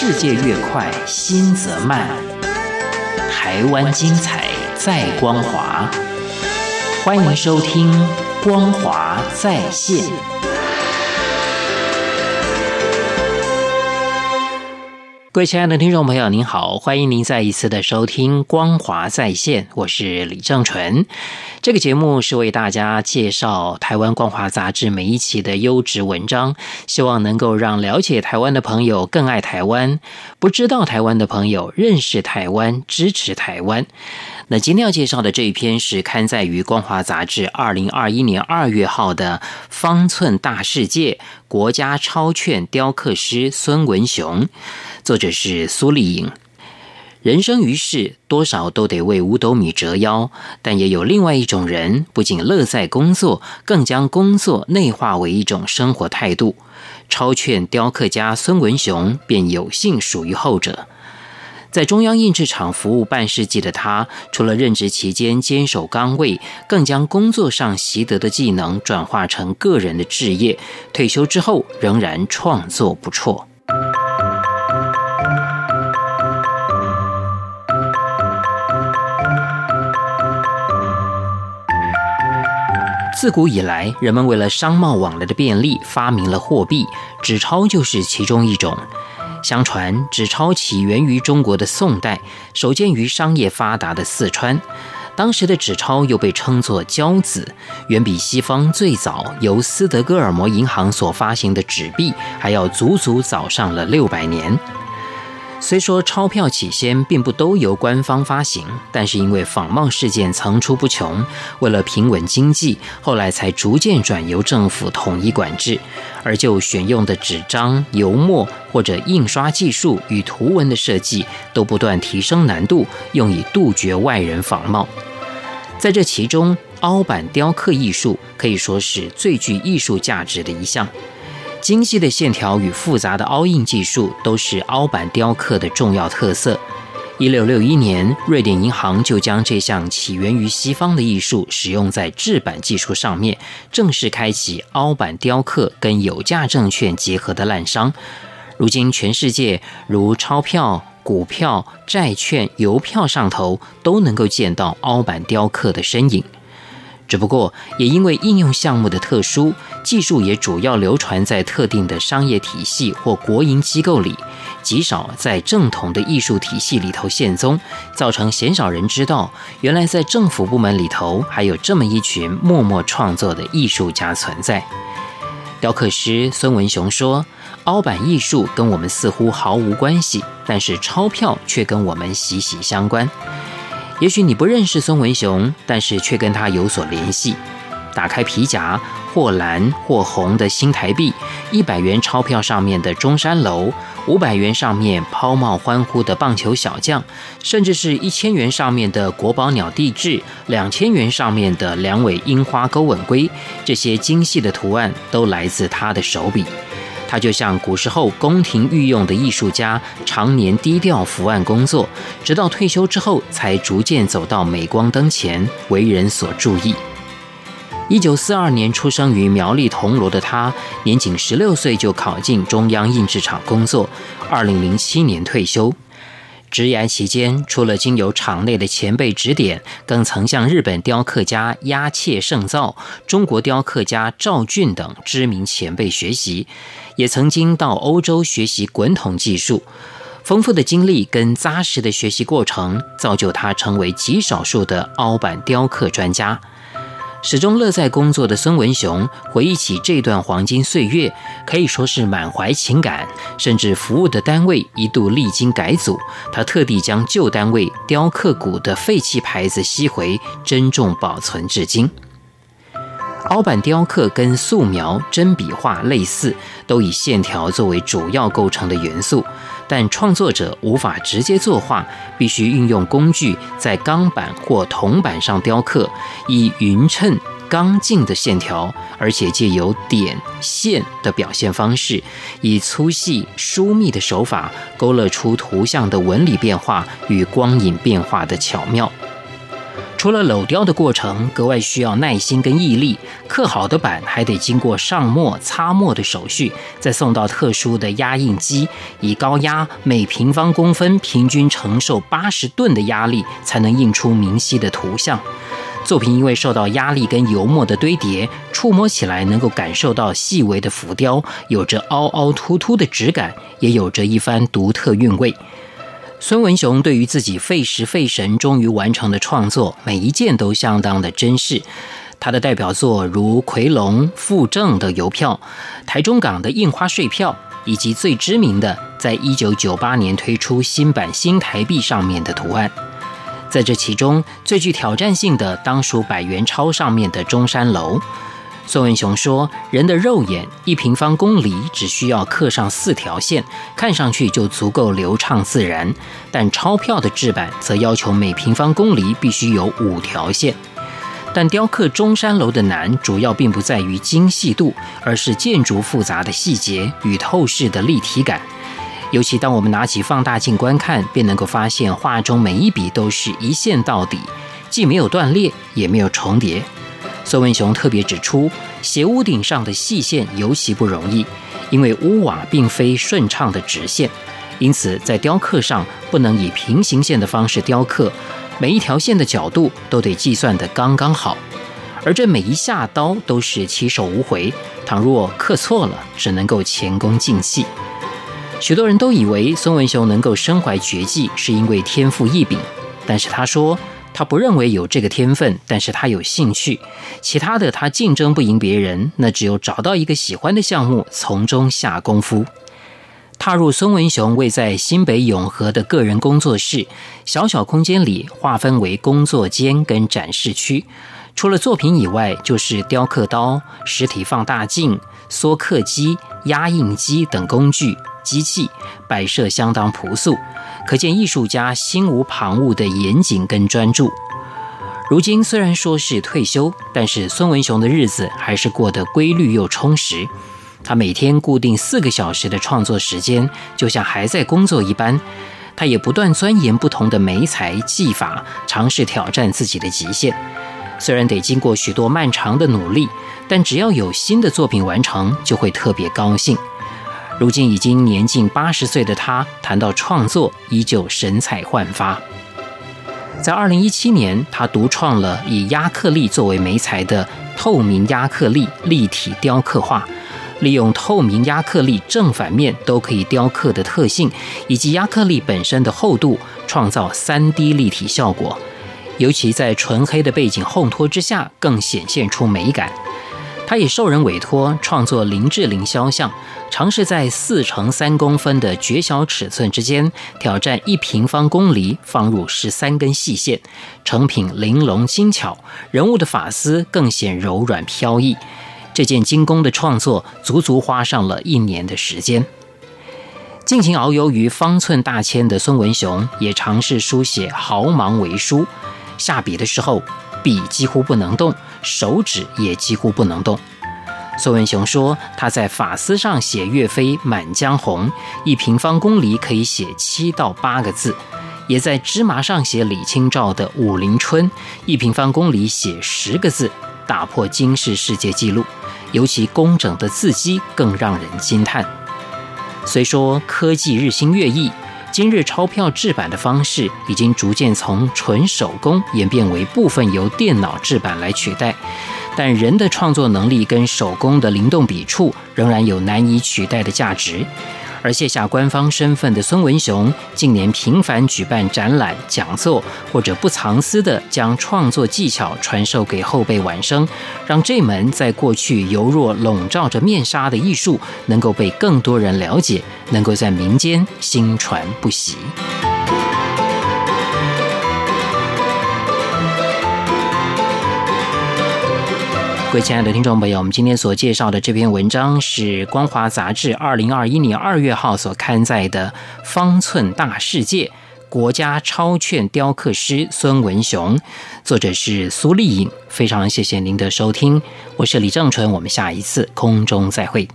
世界越快，心則慢。台灣精彩，在光華。歡迎收聽《光華再現》。各位親愛的聽眾朋友，您好，歡迎您再一次的收聽《光華在線》，我是李正淳。這個節目是為大家介紹台灣《光華》雜誌每一期的優質文章，希望能夠讓了解台灣的朋友更愛台灣，不知道台灣的朋友認識台灣，支持台灣。那今天要介紹的這一篇是刊載於《光華》雜誌二零二一年二月號的《方寸大視界》，國家鈔券雕刻師孫文雄，作者是蘇俐穎。人生於世，多少都得為五斗米折腰，但也有另外一種人，不僅樂在工作，更將工作內化為一種生活態度。鈔券雕刻家孫文雄便有幸屬於後者。在中央印製廠服務半世紀的他，除了任職期間堅守崗位，更將工作上習得的技能轉化成個人的志業。退休之後，仍然創作不輟。自古以來，人們為了商貿往來的便利，發明了貨幣，紙鈔就是其中一種。相傳，紙鈔起源於中國的宋代，首見於商業發達的四川。當時的紙鈔又被稱作“交子”，遠比西方最早由斯德哥爾摩銀行所發行的紙幣還要足足早上了六百年。雖說鈔票起先並不都由官方發行，但是因為仿冒事件層出不窮，為了平穩經濟，後來才逐漸轉由政府統一管制。而就選用的紙張、油墨或者印刷技術與圖文的設計，都不斷提升難度，用以杜絕外人仿冒。在這其中，凹版雕刻藝術可以說是最具藝術價值的一項。精細的線條與複雜的凹印技術都是凹版雕刻的重要特色。一六六一年，瑞典銀行就將這項起源於西方的藝術使用在制版技術上面，正式開啟凹版雕刻跟有價證券結合的濫觴。如今，全世界如鈔票、股票、債券、郵票上頭都能夠見到凹版雕刻的身影。只不過，也因為應用項目的特殊，技術也主要流傳在特定的商業體系或國營機構裡，極少在正統的藝術體系裡頭現蹤，造成鮮少人知道，原來在政府部門裡頭還有這麼一群默默創作的藝術家存在。雕刻師孫文雄說：“凹版藝術跟我們似乎毫無關係，但是鈔票卻跟我們息息相關。”也許你不認識孫文雄，但是卻跟他有所聯繫。打開皮夾，或藍或紅的新台幣，一百元鈔票上面的中山樓，五百元上面拋帽歡呼的棒球小將，甚至是一千元上面的國寶鳥帝雉，兩千元上面的兩尾櫻花鉤吻鮭，這些精細的圖案都來自他的手筆。他就像古時候宮廷御用的藝術家，常年低調伏案工作，直到退休之後才逐漸走到鎂光燈前，為人所注意。一九四二年出生於苗栗銅鑼的他，年僅十六歲就考進中央印製廠工作，二零零七年退休。職涯期間，除了經由廠內的前輩指點，更曾向日本雕刻家押切勝造、中國雕刻家趙俊等知名前輩學習，也曾經到歐洲學習滾筒技術。豐富的經歷跟扎實的學習過程，造就他成為極少數的凹版雕刻專家。始終樂在工作的孫文雄回憶起這段黃金歲月，可以說是滿懷情感。甚至服務的單位一度歷經改組，他特地將舊單位雕刻股的廢棄牌子吸回，珍重保存至今。凹版雕刻跟素描、針筆畫類似，都以線條作為主要構成的元素。但創作者無法直接作畫，必須運用工具在鋼板或銅板上雕刻，以勻稱、剛勁的線條，而且借由點線的表現方式，以粗細、疏密的手法，勾勒出圖像的紋理變化與光影變化的巧妙。除了鏤雕的過程，格外需要耐心跟毅力，刻好的版還得經過上墨、擦墨的手續，再送到特殊的壓印機，以高壓每平方公分平均承受八十噸的壓力，才能印出明晰的圖像。作品因為受到壓力跟油墨的堆疊，觸摸起來能夠感受到細微的浮雕，有着凹凹凸凸的質感，也有着一番獨特韻味。孫文雄對於自己費時費神終於完成的創作，每一件都相當的珍視。他的代表作如奎龍復政的郵票、台中港的印花稅票，以及最知名的，在一九九八年推出新版新台幣上面的圖案。在這其中，最具挑戰性的當屬百元鈔上面的中山樓。孫文雄說：“人的肉眼一平方公里只需要刻上四條線，看上去就足夠流暢自然；但鈔票的製版則要求每平方公里必須有五條線。但雕刻中山樓的難，主要並不在於精細度，而是建築複雜的細節與透視的立體感。尤其當我們拿起放大鏡觀看，便能夠發現畫中每一筆都是一線到底，既沒有斷裂，也沒有重疊。”孫文雄特別指出，斜屋頂上的細線尤其不容易，因為屋瓦並非順暢的直線，因此在雕刻上不能以平行線的方式雕刻，每一條線的角度都得計算得剛剛好，而這每一下刀都是起手無回，倘若刻錯了，只能夠前功盡棄。許多人都以為孫文雄能夠身懷絕技是因為天賦異稟，但是他說。他不認為有這個天分，但是他有興趣。其他的他競爭不贏別人，那只有找到一個喜歡的項目，從中下功夫。踏入孫文雄位在新北永和的個人工作室，小小空間裡劃分為工作間跟展示區，除了作品以外，就是雕刻刀、實體放大鏡、縮刻機、壓印機等工具。機器擺設相當樸素，可見藝術家心無旁騖的嚴謹跟專注。如今雖然說是退休，但是孫文雄的日子還是過得規律又充實。他每天固定四個小時的創作時間，就像還在工作一般。他也不斷鑽研不同的媒材技法，嘗試挑戰自己的極限。雖然得經過許多漫長的努力，但只要有新的作品完成，就會特別高興。如今已經年近八十歲的他，談到創作依舊神采煥發。在二零一七年，他獨創了以壓克力作為媒材的透明壓克力立體雕刻畫，利用透明壓克力正反面都可以雕刻的特性，以及壓克力本身的厚度，創造三 D 立體效果。尤其在純黑的背景烘托之下，更顯現出美感。他也受人委託創作林志玲肖像，嘗試在四乘三公分的絕小尺寸之間挑戰一平方公釐，放入十三根細線，成品玲瓏精巧，人物的髮絲更顯柔軟飄逸。這件精工的創作足足花上了一年的時間。盡情遨遊於方寸大千的孫文雄也嘗試書寫毫芒為書，下筆的時候。筆幾乎不能動，手指也幾乎不能動。孫文雄說，他在髮絲上寫岳飛《滿江紅》，一平方公里可以寫七到八個字；也在芝麻上寫李清照的《武陵春》，一平方公里寫十個字，打破金氏世界紀錄。尤其工整的字跡更讓人驚嘆。雖說科技日新月異。今日鈔票制版的方式已經逐漸從純手工演變為部分由電腦制版來取代，但人的創作能力跟手工的靈動筆觸仍然有難以取代的價值。而卸下官方身份的孫文雄，近年頻繁舉辦展覽、講座，或者不藏私的將創作技巧傳授給後輩晚生，讓這門在過去猶若籠罩着面紗的藝術，能夠被更多人了解，能夠在民間薪傳不息。各位親愛的聽眾朋友，我們今天所介紹的這篇文章是《光華雜誌》二零二一年二月號所刊載的《方寸大視界》，國家鈔券雕刻師孫文雄，作者是蘇俐穎。非常謝謝您的收聽，我是李正淳，我們下一次空中再會。